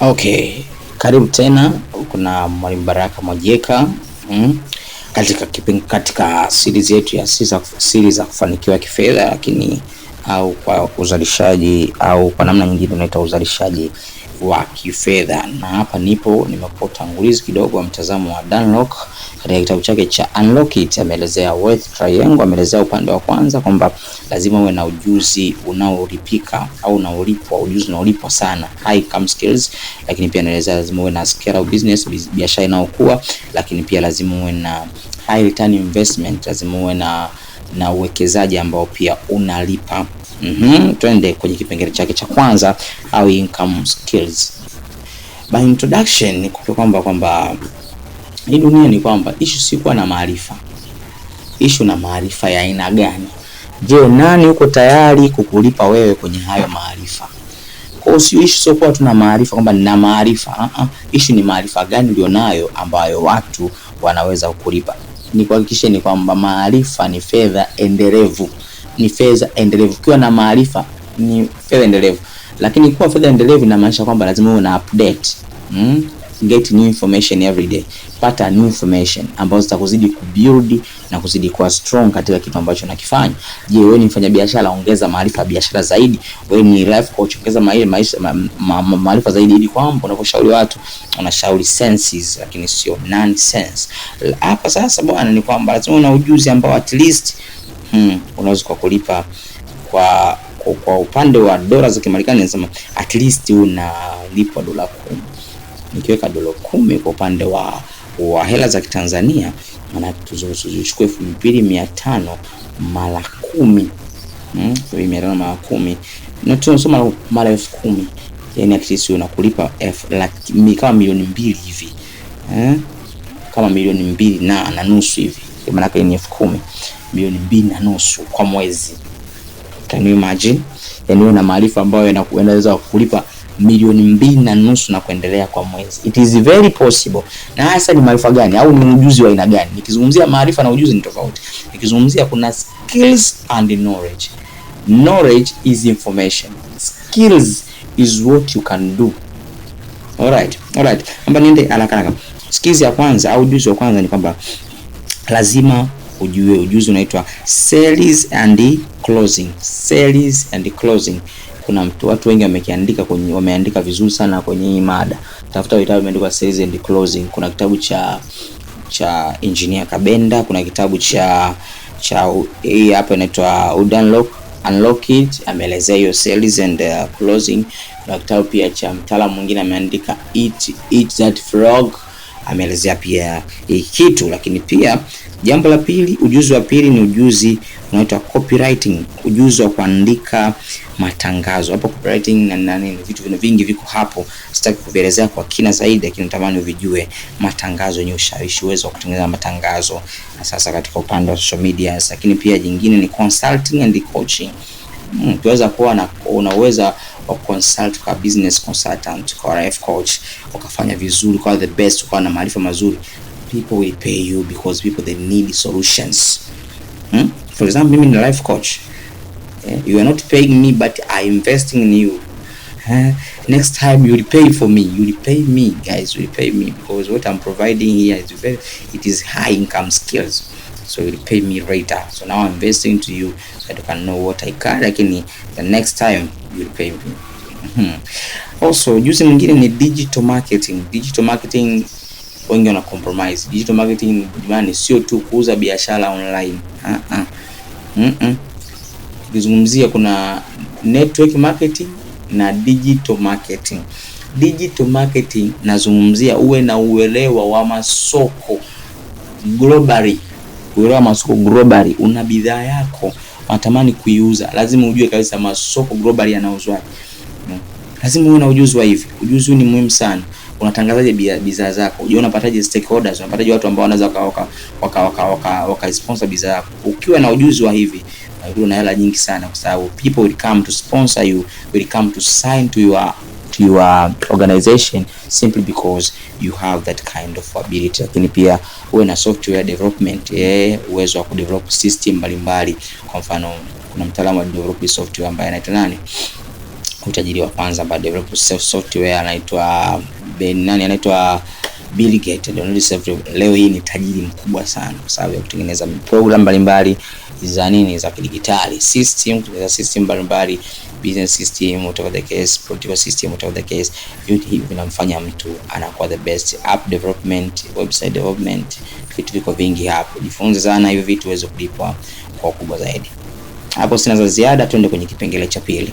Okay, karibu tena. Kuna Mwalimu Baraka Mwajeka mm. katika katika series yetu ya siri za kufanikiwa kifedha, lakini au kwa uzalishaji au kwa namna nyingine unaita uzalishaji wa kifedha, na hapa nipo nimekuwa utangulizi kidogo wa mtazamo wa Danlock katika kitabu chake cha Unlock It ameelezea Wealth Triangle, ameelezea upande wa kwanza kwamba lazima uwe na ujuzi unaolipika au unaolipwa, ujuzi unaolipwa sana, high income skills. Lakini pia anaelezea lazima uwe na scale business, biashara inayokuwa, lakini pia lazima uwe na high return investment, lazima uwe na na uwekezaji ambao pia unalipa. Mm -hmm. Twende kwenye kipengele chake cha kwanza au income skills. By introduction ni kwamba kwamba hii yaani dunia ni kwamba ishu si kuwa na maarifa, ishu na maarifa ya aina gani? Je, nani uko tayari kukulipa wewe kwenye hayo maarifa? Kwa hiyo ishu sio kuwa tuna maarifa kwamba nina maarifa uh -uh. Ishu ni maarifa gani ulionayo ambayo watu wanaweza kukulipa. kuhakikishe ni kwamba maarifa ni fedha endelevu, ni fedha endelevu. Ukiwa na maarifa ni fedha endelevu, lakini kuwa fedha endelevu inamaanisha kwamba lazima uwe na update mm? get new information every day, pata new information ambazo zitakuzidi kubuild na kuzidi kuwa strong katika kitu ambacho unakifanya. Je, wewe ni mfanyabiashara, ongeza maarifa ya biashara zaidi. Wewe ni life coach, ongeza maarifa ma, ma, ma, ma, zaidi, ili kwamba unaposhauri watu unashauri senses, lakini sio nonsense. Hapa sasa bwana, ni kwamba lazima una ujuzi ambao at least hmm, unaweza kwa kulipa kwa kwa upande wa dola za Kimarekani nasema at least unalipwa dola kumi nikiweka dola kumi kwa upande wa, wa hela za Kitanzania maanake tuzuhusu zichukue elfu mbili mia tano mara kumi hmm, elfu mbili mara kumi na tunasoma mara elfu kumi yani akisi unakulipa kama milioni mbili hivi eh? kama milioni mbili na na nusu hivi maanake ni elfu kumi milioni mbili na nusu kwa mwezi. Can you imagine? Yani una maarifa ambayo yanaweza kulipa milioni mbili na nusu na kuendelea kwa mwezi. It is very possible. Na hasa ni maarifa gani au ni ujuzi wa aina gani? Nikizungumzia maarifa na ujuzi ni tofauti. Nikizungumzia kuna skills and knowledge. Knowledge is information. Skills is what you can do. Alright. Alright. Amba niende haraka haraka. Skills ya kwanza au ujuzi wa kwanza ni kwamba lazima ujue ujuzi unaitwa sales and closing. Sales and closing kuna mtu, watu wengi wamekiandika kwenye wameandika vizuri sana kwenye hii mada. Tafuta vitabu vimeandikwa sales and closing. Kuna kitabu cha cha engineer Kabenda, kuna kitabu cha cha hii hapa inaitwa Unlock Unlock It, ameelezea hiyo sales and uh, closing. Kuna kitabu pia cha mtaalamu mwingine ameandika Eat Eat That Frog, ameelezea pia hii kitu, lakini pia Jambo la pili, ujuzi wa pili ni ujuzi unaoitwa copywriting, ujuzi wa kuandika matangazo. Hapo copywriting na nani, na vitu vina vingi viko hapo, sitaki kuvielezea kwa kina zaidi, lakini natamani uvijue. Matangazo yenye ushawishi, uwezo wa kutengeneza matangazo sasa katika upande wa social media. Lakini pia jingine ni consulting and coaching Hmm, tuweza kuwa na unaweza wa consult kwa business consultant, kwa life coach, ukafanya vizuri, kwa the best, ukawa na maarifa mazuri, people will pay you because people they need solutions. Hmm? For example, mimi ni life coach. Eh, you are not paying me but I investing in you. Huh? Eh, next time you repay for me. You repay me, guys. You repay me because what I'm providing here is very, it is high income skills. So you repay me later. So now I'm investing to you so that you can know what I can. Lakini the next time you repay me. Mm -hmm. Also, using mwingine ni digital marketing. Digital marketing wengi wana compromise. Digital marketing jamani, sio tu kuuza biashara online ah ah, mm -mm. Kizungumzia kuna network marketing na digital marketing. Digital marketing nazungumzia uwe na uelewa wa masoko globally, uelewa masoko globally. Una bidhaa yako unatamani kuiuza, lazima ujue kabisa masoko globally yanauzwa. Lazima uwe na ujuzi wa hivi. Ujuzi ni muhimu sana unatangazaje bidhaa zako? Je, unapataje stakeholders? Unapataje watu ambao wanaweza waka waka waka waka, waka sponsor bidhaa yako? Ukiwa na ujuzi wa hivi unakuwa na hela nyingi sana, kwa sababu people will come to sponsor you, will come to sign to your to your organization simply because you have that kind of ability. Lakini pia uwe na software development, eh, uwezo wa kudevelop system mbalimbali. Kwa mfano kuna mtaalamu wa develop software ambaye anaitwa nani? mtajiri wa kwanza ambaye develop self software anaitwa Ben nani anaitwa Bill Gates ndio self leo hii ni tajiri mkubwa sana kwa sababu ya kutengeneza program mbalimbali za nini za kidigitali system, kutengeneza system mbalimbali, business system, whatever the case, political system, whatever the case. yote hivi vinamfanya mtu anakuwa the best, app development, website development, vitu viko vingi hapo. Jifunze sana hivi vitu uweze kulipwa kwa kubwa zaidi. Hapo sina za ziada, tuende kwenye kipengele cha pili.